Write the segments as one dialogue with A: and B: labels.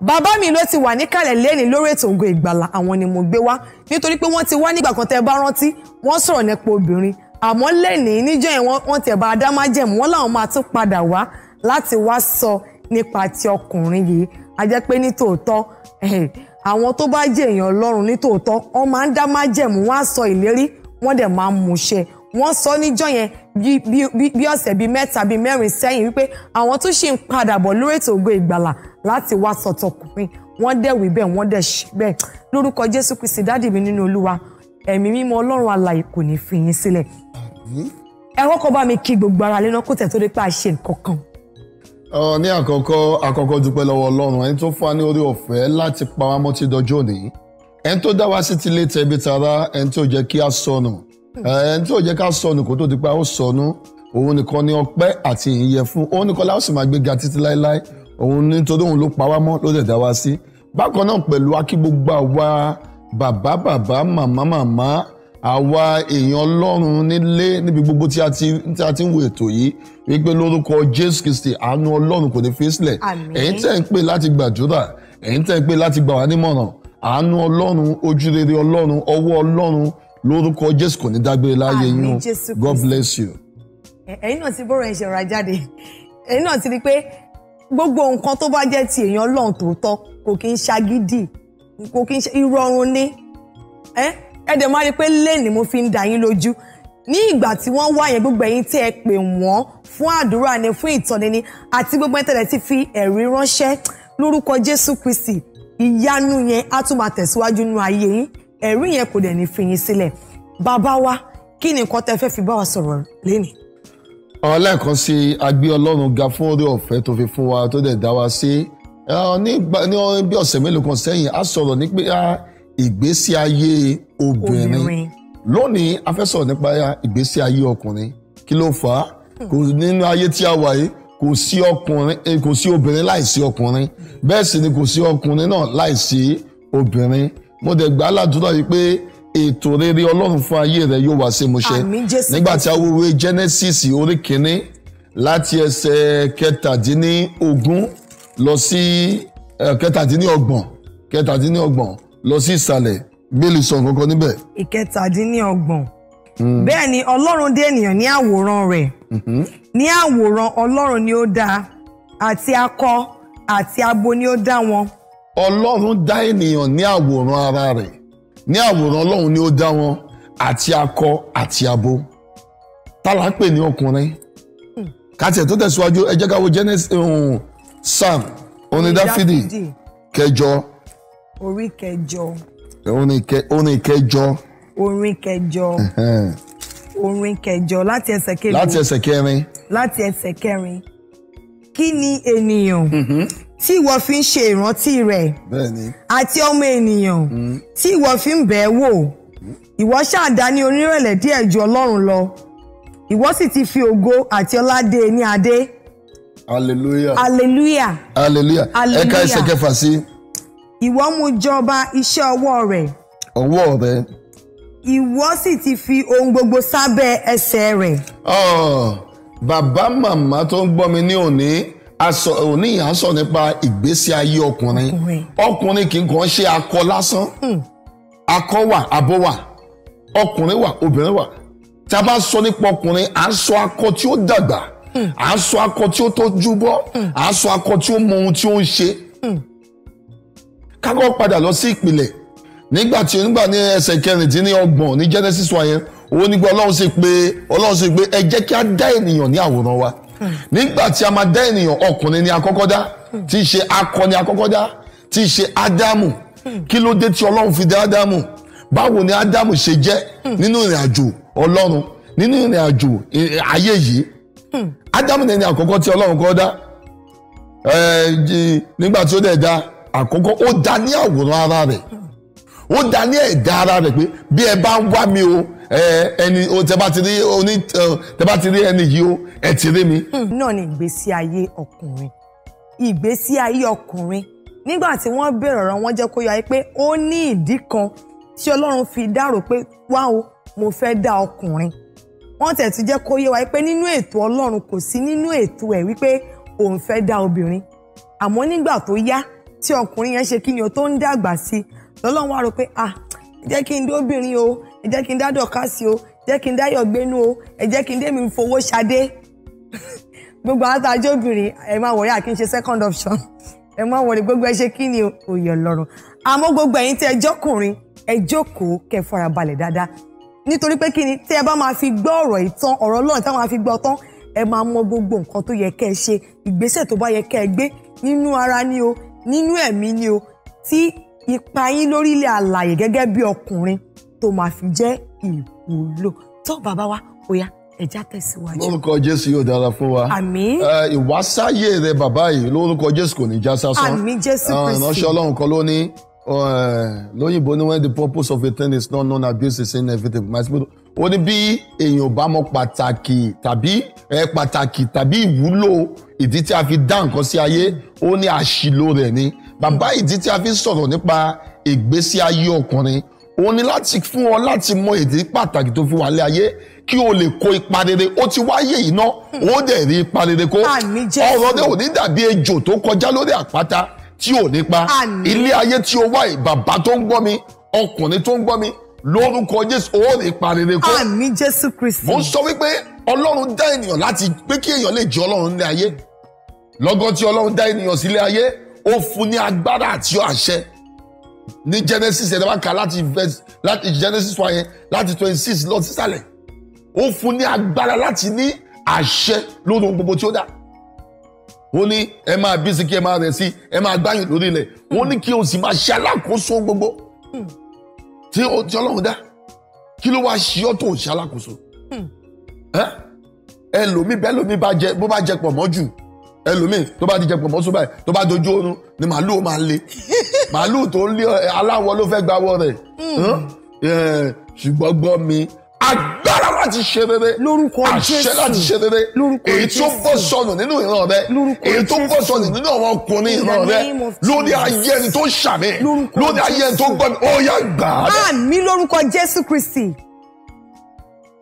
A: bàbá mi ló ti wà níkàlẹ̀ lẹ́ni lórí ètò ògo ìgbàlà àwọn ni mo gbé wá nítorí pé wọ́n ti wá nígbà kan tẹ́ bá rántí wọ́n sọ̀rọ̀ nípa obìnrin àmọ́ lẹ́ni níjọ́ yẹn wọ́n tẹ̀ bá adámájẹ̀mú wọn làwọn máa tún padà wá láti wá sọ nípa ti ọkùnrin yìí a jẹ́ pé ní tòótọ́ àwọn tó bá jẹ́ èèyàn ọlọ́run ní tòótọ́ wọ́n máa ń dá májẹ̀mú wọ́n á sọ ìlérí wọ́n dẹ̀ máa ń múṣẹ wọ́n sọ níjọ́ yẹn bí ọ̀sẹ̀ bíi mẹ́ta bíi mẹ́rin sẹ́yìn wípé àwọn tó ṣì ń padà bọ̀ lórí ètò Ògo Ìgbàlà láti wá sọ̀tọ̀kùnrin wọ́n dẹ̀ wí bẹ́ẹ̀ wọ́n dẹ̀ ṣe bẹ́ẹ̀ lórúkọ Jésù Kristi dádì mi nínú Olúwa ẹ̀mí mímọ́ Ọlọ́run alààyè kò ní fi yín sílẹ̀ ẹ kọ́kọ́ bá mi kí gbogbo ara lẹ́nà kó tẹ̀ tó dé pé a ṣe nǹkan kan
B: ní àkọ́kọ́ àkọ́kọ́ dúpẹ́ lọ́wọ́ ọlọ́run ẹni tó fún wa ní pa wá mọ́ ti dọjọ́ òní ẹni tó dá wa sí ẹni tí ò jẹ́ ká sọnù kó tó di pa ó sọnù òun nìkan ni ọpẹ́ àti ìyìn fún òun nìkan la ó sì máa gbéga títí láéláé òun nítorí òun ló pa wá mọ́ ló dẹ̀ dá wá sí bákan náà pẹ̀lú akígbógbá wa bàbá bàbá màmá màmá àwa èèyàn ọlọ́run nílé níbi gbogbo tí a ti ń wo ètò yìí wípé lórúkọ Jésù Kristi àánú ọlọ́run kò ní fi sílẹ̀ ẹ̀yin tẹ̀ ń pè láti gbàdúrà ẹ̀yin tẹ̀ ń pè láti gbà wá nímọ̀ràn àánú ọlọ́run ojúrere ọlọ́run ọwọ́ ọlọ́run lórúkọ jésù kò ní dágbére láyé yín god bless you.
A: ẹ̀yin náà ti bọ́rọ̀ ẹ̀ ṣe ra jáde ẹ̀yin náà ti rí i pé gbogbo nǹkan tó bá jẹ́ ti èèyàn lọ́hùn tòótọ́ kò kí ń ṣagídì kò kí ń ṣe ìrọ̀rùn ni ẹ dẹ̀ máa rí i pé lẹ́ẹ̀ni mo fi ń dà yín lójú ní ìgbà tí wọ́n wá yẹn gbogbo ẹ̀yin tẹ́ ẹ pè wọ́n fún àdúrà ni fún ìtọ́ni ni àti gbogbo ẹ̀yin tẹ́lẹ̀ ti fi ẹ̀rí ránṣẹ́ lórúkọ jésù kristi ìyanu yẹn á tún máa tẹ̀síwájú nínú ayé yín ẹ̀rí yẹn kò dẹ̀ ní fi yín sílẹ̀ bàbá wa kí ni nǹkan tẹ́ fẹ́ fi bá wa sọ̀rọ̀ lénìí.
B: ọlẹ́ẹ̀kan sí agbé ọlọ́run ga fún oore ọ̀fẹ́ tó fi fún wa tó dẹ̀ dá wa sí ní bí ọ̀sẹ̀ mélòó kan sẹ́yìn a sọ̀rọ̀ nípa ah, ìgbésí ayé obìnrin lónìí a fẹ́ sọ̀rọ̀ nípa ah, ìgbésí ayé ọkùnrin kí ló fà á kò nínú ayé tí a wà yìí kò sí eh, obìnrin láìsí ọkùnrin bẹ́ẹ̀ sì ni kò sí ọkùnrin náà láìsí obìnrin mo dẹ̀ gbà á ládùúrà yìí pé ètò rere ọlọ́run fún ayé rẹ yóò wá sí ìmúṣẹ nígbà tí a wo Genesis orí kìíní láti ẹsẹ̀ kẹtàdínlógún lọ sí kẹtàdínlọ́gbọ̀n kẹtàdínlọ́gbọ̀n lọ sí ìsàlẹ̀ bẹ́ẹ̀lì sọ kankan níbẹ̀.
A: ìkẹtàdínlọ́gbọ̀n hmm. bẹ́ẹ̀ ni ọlọ́run dé ènìyàn ní àwòrán rẹ̀ mm-hmm. ní àwòrán ọlọ́run ni ó dá àti akọ àti abo ni ó dá wọn ọlọ́run dá ènìyàn ní àwòrán ara rẹ̀ ní àwòrán ọlọ́run ni ó
B: dá wọn àti akọ àti abo tálà ń pè ní ọkùnrin hmm. kàtẹ́ tó tẹ̀síwájú ẹ jẹ́ ká wo um, Sam onídàfídì kẹjọ.
A: orí kẹjọ.
B: orin kẹjọ.
A: orin kẹjọ. orin kẹjọ láti ẹsẹ̀ kẹrin. láti ẹsẹ̀ kẹrin. láti ẹsẹ̀ kẹrin. kí ni ènìyàn. Mhm tí ìwọ fi ń ṣe ìrántí rẹ̀ àti ọmọ ènìyàn mm. tí ìwọ fi ń bẹ̀ẹ́ wò ìwọ ṣáà dá ní onírẹ̀lẹ̀ díẹ̀ ju Ọlọ́run lọ ìwọ sì ti fi ògo àti ọlá dé e ní adé. hallelujah hallelujah hallelujah ẹ̀ka ẹsẹ̀ kẹfà sí. ìwọ mú jọba iṣẹ́ ọwọ́ rẹ̀. ọwọ́ rẹ̀. ìwọ sì ti fi ohun gbogbo sábẹ́ ẹsẹ̀ rẹ̀. Oh,
B: bàbá màmá tó ń gbọ́ mi ní òní asọ òní yìí à ń sọ nípa ìgbésí ayé ọkùnrin ọkùnrin kì í kàn ṣe akọ lásán hmm. akọ wà abo wà ọkùnrin wà obìnrin wà tí a bá sọ nípa ọkùnrin à ń sọ akọ tí ó dàgbà hmm. à ń sọ akọ tí ó tójú bọ́ hmm. à ń sọ akọ tí ó mọ ohun tí ó ń ṣe kákọ́ padà lọ sí ìpìlẹ̀ nígbà tí onígbà ní ẹsẹ̀ kẹrìndínlọ́gbọ̀n ní Genesis wa yẹn òun nígbà ọlọ́run ṣe pé ọlọ́run ṣe pé ẹ jẹ́ kí a dá ènìyàn ní àwòrán wa nígbà tí a máa dá ènìyàn ọkùnrin ni àkọ́kọ́ dá tí í ṣe akọ ni àkọ́kọ́ dá tí í ṣe ádámù kí ló dé tí ọlọ́run fi dá ádámù báwo ni ádámù ṣe jẹ́ nínú ìrìn àjò ọlọ́run nínú ìrìn àjò ayé yìí ádámù ni ẹni àkọ́kọ́ tí ọlọ́run kọ́ dá nígbà tí ó dẹ̀ dá àkọ́kọ́ ó dá ní àwòrán ara rẹ̀ ó dá ní ẹ̀dá ara rẹ̀ pé bí ẹ bá ń wá mi o ẹni tẹ bá ti rí oní tẹ bá ti rí ẹni yìí o ẹ ti
A: rí mi. Hmm. náà ni ìgbésí ayé ọkùnrin ìgbésí ayé ọkùnrin nígbà tí wọ́n bẹ̀rẹ̀ ọ̀rọ̀ wọn jẹ́ kó yọ ayé pé ó ní ìdí kan tí Ọlọ́run fi dárò pé wá o mo fẹ́ dá ọkùnrin wọ́n tẹ̀ tún jẹ́ kó yé wa pé nínú ètò Ọlọ́run kò sí nínú ètò ẹ̀ wípé òun fẹ́ dá obìnrin àmọ́ nígbà tó yá tí ọkùnrin yẹn ṣe kí ni o tó ń dàgbà sí i lọ́lọ́run wá rò pé ah jẹ́ kí n dé obìnrin o ẹ jẹ́ kí n dá dọ̀kásì o jẹ́ kí n dá yọ̀gbẹ́nu o ẹ jẹ́ kí n dé mi fowó ṣadé gbogbo àtàjọ obìnrin ẹ má wọrí àkí n ṣe second option ẹ má wọrí gbogbo ẹ ṣe kí ni òye ọlọ́rọ̀ àmọ́ gbogbo ẹ̀yin tí ẹ jọkùnrin ẹ jókòó kẹ́ fara balẹ̀ dáadáa nítorí pé kí ni tí ẹ bá máa fi gbọ́ ọ̀rọ̀ ìtàn ọ̀rọ̀ ọlọ́run táwọn máa fi gbọ́ tán ẹ máa mọ gbogbo nǹkan tó yẹ kẹ́ ẹ ṣe ìgbésẹ̀ tó bá yẹ kẹ́ gbé nínú ara ni o nínú ẹ̀mí ni o tí ipa yín lórílẹ̀ àlàyé gẹ́gẹ́ bí ọkùnrin tó máa fi jẹ́ ìwúlò tó bàbá wa ó yá ẹja tẹ̀síwájú. lórúkọ
B: jésù yóò dára fún wa. àmín. ìwásáyé rẹ bàbá yìí lórúkọ jésù kò ní já sásán. àmín
A: jésù kristi. ìránṣẹ́ ọlọ́run
B: kan ló ní lóyìnbó ni when the purpose of a is not known abuse is inevitable. my spirit ó ní bí èèyàn bá mọ pàtàkì tàbí pàtàkì tàbí ìwúlò ìdí tí a fi dá nǹkan sí ayé ó ní àṣìlò rẹ̀ ni bàbá ìdí tí a fi sọ̀rọ̀ nípa ìgbésí ayé ọkùnrin òun ni láti fún ọ láti mọ èdè pàtàkì tó fi wà lé ayé kí o lè kó ipa rere ó ti wáyé yìí ná ó dẹ̀ rí ipa rere kó ọ̀rọ̀ rẹ ò ní dàbí ejò tó kọjá lórí àpáta tí ò ní pa ilé ayé tí o wá bàbá tó ń gbọ́ mi ọkùnrin tó ń gbọ́ mi lórúkọ jésù ó rí ipa rere kó àmín jésù kristi mo ń sọ wípé ọlọ́run dá ènìyàn láti pé kí èèyàn lè jẹ́ ọlọ́run nílé ayé lọ́gán tí ọlọ́run dá ènìyàn sílé ayé ó fún ní agbára àti àṣẹ ní Genesis ẹ̀dá bá kà láti verse láti Genesis wa yẹn láti twenty six lọ sísàlẹ̀ ó fún ní agbára láti ní àṣẹ lórí ohun gbogbo tí ó dá ó ní ẹ máa bí sí kí ẹ máa rẹ̀ sí ẹ máa gbáyìn lórí ilẹ̀ ó ní kí o sì máa ṣe alákòóso gbogbo tí Ọlọ́run dá kí ló wá ṣe ọ́ tó ń ṣe alákòóso hmm. ẹlòmíì bẹ́ẹ̀ lómi bó bá jẹ pọ̀ mọ́ ẹlòmíì tó bá ti jẹ pọ̀nmọ́ sóbà yìí tó bá dojú oorun ni màálù máa le màálù tó ń lé aláwọ̀ ló fẹ́ gbawọ́ rẹ̀ hmm. ṣùgbọ́n gbọ́ mi agbára láti ṣe rere lórúkọ jésù àṣẹ láti ṣe rere èyí tó bọ́ sọnù nínú ìran rẹ èyí tó bọ́ sọnù nínú àwọn ọkùnrin ìran rẹ lórí ayé ẹni tó ṣàmì lórí ayé ẹni tó gbọ́ mi ó yá gbà á rẹ. àmì lórúkọ jésù kristi.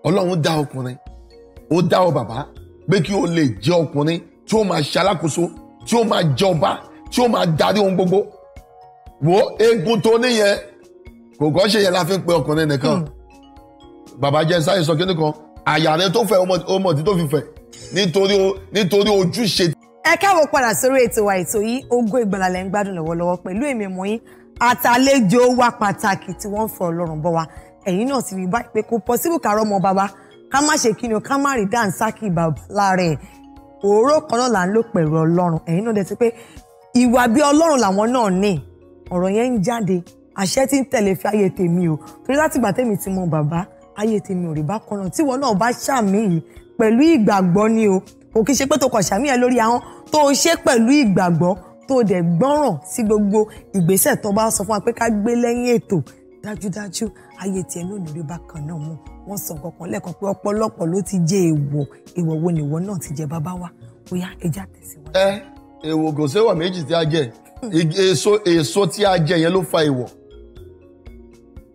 B: ọlọ́run dá ọkùnrin ó dá ọ bàbá pé kí o lè jẹ́ ọkùnrin tí ó máa ṣalákòóso tí ó máa jọba tí ó máa darí ohun gbogbo wo egun tó níyẹn kò kọ́ ṣe yẹn la fi pe ọkùnrin nìkan hmm. bàbá jẹ́ sáyẹn sọ kíní kan àyà rẹ tó fẹ́ ọmọ tí tó fi fẹ́
A: nítorí ojúṣe. ẹ káwọ padà sórí ètò wa ètò yìí Ògo Ìgbàlà lẹ ń gbádùn lọ́wọ́lọ́wọ́ pẹ̀lú èmi ọmọ yín àtàlejò wa pàtàkì tí wọ́n ń fọ Ọlọ́run bọ wa ẹ̀yin náà sì rí báyìí pé kò pọsibú kàrọ ọmọ bàbá ká má ṣe kíni o ká má rí dànsákì bàbá lára òróró kan náà là ń lò pẹ̀lú ọlọ́run ẹ̀yin náà dẹ̀ ti pé ìwà bí ọlọ́run làwọn náà ní ọ̀rọ̀ yẹn ń jáde àṣẹ tí ń tẹ̀lé fi ayé tèmi o torí láti ìgbà tèmi ti mọ bàbá ayé tèmi ò rí bá kan náà tíwọ náà bá ṣàmì yìí pẹ̀lú ìgbàgbọ́ ni o kò kí ṣe pé tó kàn ṣàmì yẹn lórí ahọ́n tó o ṣe pẹ̀lú ìgbàgbọ́ tó o dẹ̀ gbọ́ràn sí gbogbo ìgbésẹ̀ tó bá sọ fún wa pé ká gbé lẹ́yìn ètò dájúdájú ayé tiẹ̀ náà lórí bákan náà mú wọ́n sọ nǹkan kan lẹ́ẹ̀kan pé ọ̀pọ̀lọpọ̀ ló ti jẹ èèwọ̀ èèwọ̀ wo nìwọ náà ti jẹ bàbá wa bóyá ẹja tẹ̀síwájú.
B: ẹ èèwọ̀ kò séwọ̀ méjì tí a jẹ èso èso tí a jẹ yẹn ló fa èèwọ̀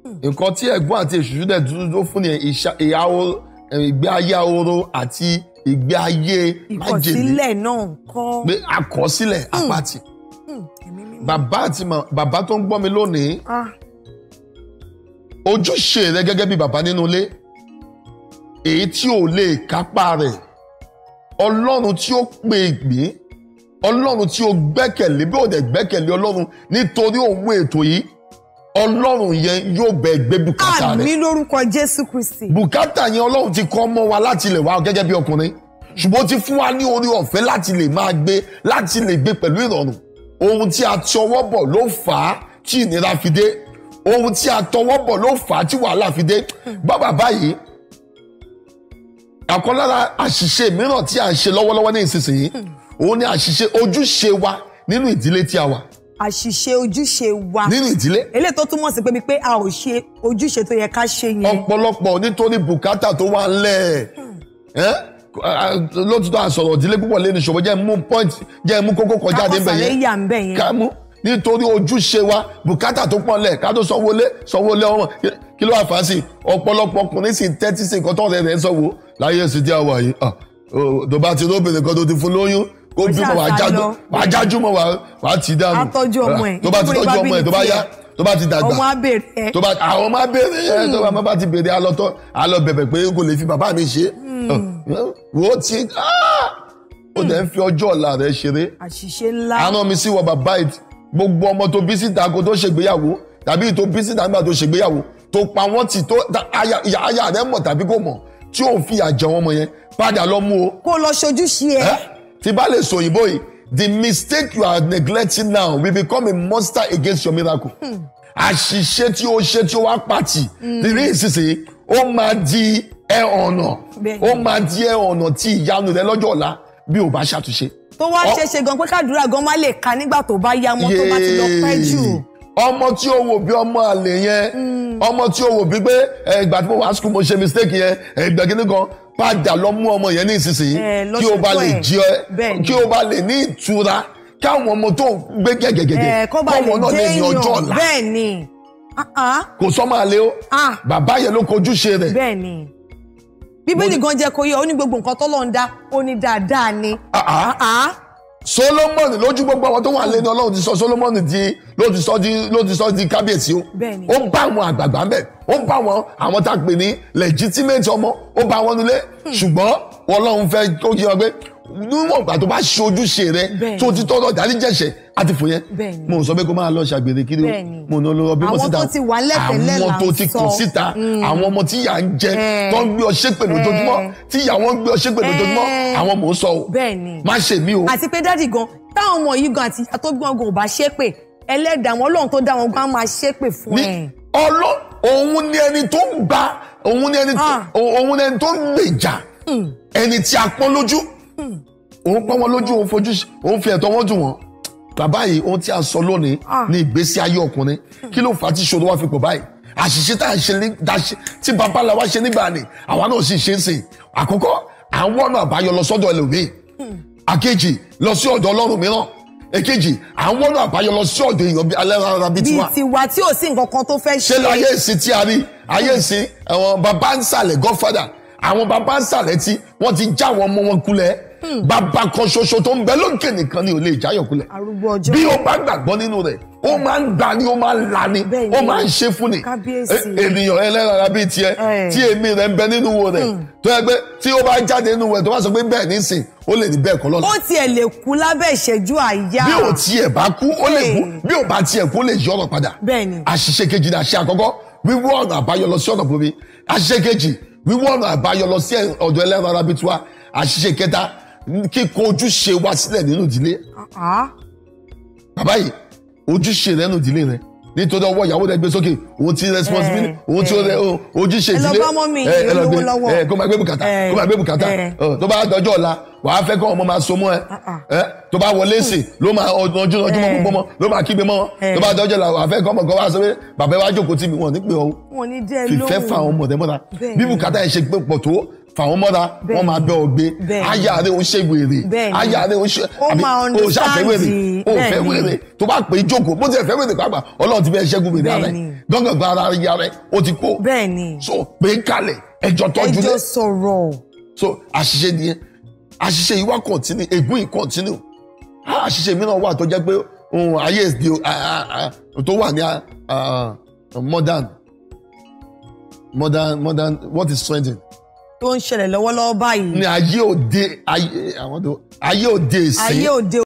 B: hmm. nǹkan tí ẹ̀gbọ́n àti èṣùṣù dẹ̀ dúdú tó fún ni ìgbé ayé ahoro àti ìgbé ayé májèlé ìkọ̀sílẹ̀ náà kọ́ àkọsílẹ̀ apáti hmm. hmm. bàbá tó ń gbọ́ mi lónìí ah ojúṣe rẹ gẹ́gẹ́ bí bàbá nínú ilé èyí tí ò lè kápá rẹ̀ ọlọ́run tí ó pè mí ọlọ́run tí ó gbẹ́kẹ̀lé bí ó dẹ̀ gbẹ́kẹ̀lé ọlọ́run nítorí òun ètò yìí ọlọ́run yẹn yóò bẹ gbé bùkátà rẹ̀ àmì lórúkọ jésù kristi bùkátà yẹn ọlọ́run ti kọ́ mọ́ wa láti lè wá gẹ́gẹ́ bí ọkùnrin ṣùgbọ́n ó ti fún wa ní orí ọ̀fẹ́ láti lè máa gbé láti lè gbé pẹ̀lú ìrọ̀rùn ohun tí a ti ọwọ́ bọ̀ ló fà á tí ìnira fi dé ohun tí a tọwọ́ bọ̀ ló fà á tí wàhálà fi dé bàbá báyìí àkọ́ lára àṣìṣe mìíràn tí à ń ṣe lọ́wọ́lọ́wọ́ ní ìsinsìnyí òun ni àṣìṣe ojúṣe wa nínú ìdílé tí a wà.
A: àṣìṣe ojúṣe wa nínú ìdílé. eléyìí tó túmọ̀ sí pé pé a ò ṣe ojúṣe tó yẹ ká ṣe yẹn. ọ̀pọ̀lọpọ̀ nítorí bùkátà tó wà ńlẹ̀ lótìtọ́
B: àsọ̀rọ̀ ìdílé púpọ̀ lẹ́nu ṣòwò jẹ́ mú point jẹ́ mú kókó kọjá débẹ̀ yẹn ká nítorí ojúṣe wa bùkátà tó pọ̀nlẹ̀ ká tó sanwó-lé sanwó-lé ọmọ kí ló wà fà á sí ọ̀pọ̀lọpọ̀ ọkùnrin sì tẹ́tí sí nǹkan tó ń rẹ̀ sanwó láyé ẹ̀sìn tí a wà yìí tó bá ti lóbìnrin kan tó ti fún lóyún kó bímọ wàá jájú mọ wàá ti dànù tó bá ti tọ́jú ọmọ ẹ̀ tó bá yá tó bá ti dàgbà ọmọ abèrè tó bá àwọn ọmọ abèrè ẹ hmm. tó bá ọmọ bá ti bèrè alọtọ alọ bẹ̀bẹ̀ pé kò lè fi bàbá mi ṣe hmm. wò ó ti ah! ó dẹ̀ ń fi ọjọ́ ọ̀la rẹ̀ ṣeré àná mi sí wọ bàbá yìí gbogbo ọmọ tó bí síta kó tó ṣègbéyàwó tàbí tó bí síta nígbà tó ṣègbéyàwó tó pa wọ́n tì tó ìyá aya rẹ̀ mọ̀ tàbí kò mọ̀ tí òun fi àjẹ wọn mọ yẹn padà lọ mú o. kó lọ ṣojúṣe ẹ. tí bá lè sọ òyìnbó yìí the mistake you are neglecting now will become a monster against your miracle. Hmm. àṣìṣe tí ó ṣe tí ó wá pàtì hmm. rírí ìsinsìnyí ó máa di ẹ ọ̀nà ó máa di ẹ ọ̀nà tí ìyanu rẹ lọ́jọ́ ọ̀la bí o bá ṣàtúnṣe
A: tó wá ṣeéṣe gan pé kádùúrà gan má lè ka nígbà tó bá yá mọ́ tó bá ti lọ pẹ́
B: jù ọmọ tí o wò bí ọmọ àlè yẹn hmm. ọmọ tí o wò bí pé ìgbà tí mo wá sùkúl mo ṣe mistake yẹn ìgbẹ́gínní kan padà lọ mú ọmọ yẹn ní ìsinsìnyí kí o bá lè jí ọ kí o bá lè ní ìtura kí àwọn ọmọ tó gbé gẹ́gẹ́gẹ́gẹ́ kọ́ náà lè ní ọjọ́ ọ̀la
A: ah, ah. kò sọ́mọ àlè o ah. bàbá yẹn ló kojúṣe rẹ̀ bíbélì gan jẹ́ kó yé ọ ní gbogbo nǹkan tọ́lọ́run dá ó ní dáadáa ni. Ah, ah. Ah, Solomoni lójú gbogbo àwọn tó wà lẹ́nu Ọlọ́run ti sọ Solomoni di
B: ló ti sọ di ló ti sọ di kábíyèsí o ó bá àwọn àgbààgbà ń bẹ ó bá àwọn àwọn tá a pè ní legitimate ọmọ ó bá wọn nulẹ̀ hmm. ṣùgbọ́n Ọlọ́run fẹ́ kó yé ọ pé níwọ̀n ìgbà tó bá ṣe ojúṣe rẹ tó ti tọ́ ọjà ní jẹ̀ṣẹ̀ àti fòyẹ́ mo sọ pé kó máa lọ ṣàgbèrè kiri o mo ní olóró bí mo síta àwọn tó ti kù síta mm. àwọn ọmọ tí yà ń jẹ eh. tó ń gbé ọṣẹ́ pẹ̀lú ojoojúmọ́ eh. tí yà wọ́n ń gbé ọṣẹ́ pẹ̀lú eh. ojoojúmọ́ àwọn mò ń sọ o má ṣe mí o.
A: àti pé dádì gan táwọn ọmọ yìí gan àti ìyá tó gbọ́n gan ò bá ṣépè ẹlẹ́dàá wọn ọlọ́run tó dá wọn gan máa ṣépè fún ẹ.
B: ọlọ òun ni ẹni tó ń gba òun ni ẹni tó ah. ń gbèjà hmm. ẹni tí a pọ́n lójú òun pọ́n wọn lójú òun fojú òun fi ẹ̀tọ́ wọn dùn wọ́n bàbá yìí ohun tí a sọ lónìí ah. ní ìgbésí ayé ọkùnrin kí ló fà á tí ìṣòro wá fi pọ̀ báyìí àṣìṣe tá à ń ṣe tí bàbá la wá ṣe nígbà ni àwa náà sì ṣe ń sìn àkọ́kọ́ à ń wọ́nà àbáyọ lọ sọ́dọ̀ ẹlòmíì àkejì lọ sí ọ̀dọ̀ ọlọ́run mìíràn èkejì à ń wọ́nà àbáyọ lọ sí ọ̀dọ̀ èèyàn bí alẹ́ ara bíi tiwa. bíi tiwa tí ò sí nǹkan kan tó fẹ́ ṣe. ṣé ayé ìsìn tí a rí ayé ìsìn àwọn bàbá ń sàlẹ̀ godfather àwọn bàbá ń sàlẹ̀ tí wọ́n ti já àwọn ọmọ wọn kulẹ̀ Hmm. bàbá kan ṣoṣo tó ń bẹ lókè nìkan ni ò lè jáyọkulẹ bí o bá gbàgbọ́ nínú rẹ̀ ó hmm. máa ń gba ni ó máa ń là ni ó máa ń ṣe fún ni e, ènìyàn ẹlẹ́rara bíi tiẹ̀ eh. tí èmi rẹ̀ ń bẹ nínú wo rẹ̀ hmm. tó yẹ pé tí ó bá jáde nínú rẹ̀ tó bá sọ pé bẹ́ẹ̀ nísìn ó lè ní bẹ́ẹ̀ kọ́ lọ́la. ó tiẹ̀ lè kú lábẹ́ ìṣẹ́jú àyà. bí ò tiẹ̀ bá kú ó lè kú bí ò bá tiẹ̀ kú ó lè yí ọ̀rọ̀ padà àṣìṣe kejì ni àṣẹ àkọ́kọ́ wíwú ọ̀nà àbáyọ lọ sí ọ̀nà bòmí àṣìṣe kejì wíwú ọ̀nà àbáyọ lọ sí ọ̀dọ̀ ẹlẹ́rara bíi àṣìṣe kẹta kíkó ojúṣe wa sílẹ̀ nínú ìdílé. bàbá yìí ojúṣe rẹ nínú ìdílé rẹ nítorí ọwọ́ ìyàwó rẹ gbé sókè òun ti responsibility òun eh, ti eh. ojúṣe ìdílé eh, ẹ lọ́gbọ́n mi ìlú lọ́wọ́ ẹ kó máa gbé bùkátà kó máa gbé bùkátà tó bá dọjọ́ ọ̀la wàá fẹ́ kọ́ ọmọ máa so mọ́ ẹ tó bá wọlé sí hmm. ló máa ọjọ́ ọjọ́ mọ́ gbogbo mọ́ ló máa kígbe mọ́ tó bá dọjọ́ ọ̀la wàá fẹ́ kọ́ ọmọ kan wá sọ pé bàbá wa jókòó tì mí wọn ní pé ọ
A: fìfẹ́ fa ọmọ
B: rẹ mọ́ra bí bùkátà yẹn ṣe gbé pọ̀ fàwọn mọ́ra wọ́n máa bẹ́ ọ gbé aya rẹ̀ ń ṣe wèrè aya rẹ̀ ń ṣe àbí o ṣàfẹ́ wèrè o fẹ́ wèrè tó bá pè é jókòó bó ti fẹ́ wèrè pàápàá ọlọ́run ti fẹ́ ṣẹ́gun wèrè ara ẹ̀ gángan ara ya rẹ̀ o ti kó so pé kalẹ̀ ẹjọ́ tọ́jú lẹ̀ ẹjọ́ sọ̀rọ̀ so àṣìṣe nìyẹn àṣìṣe yìí wá continue ègún yìí continue àṣìṣe mìíràn wà tó jẹ́ pé ayé èsì tó wà ní modern modern modern what is trending tó ń ṣẹlẹ̀ lọ́wọ́lọ́wọ́ báyìí. ní ayé òde ayé òde ìsìn. ayé òde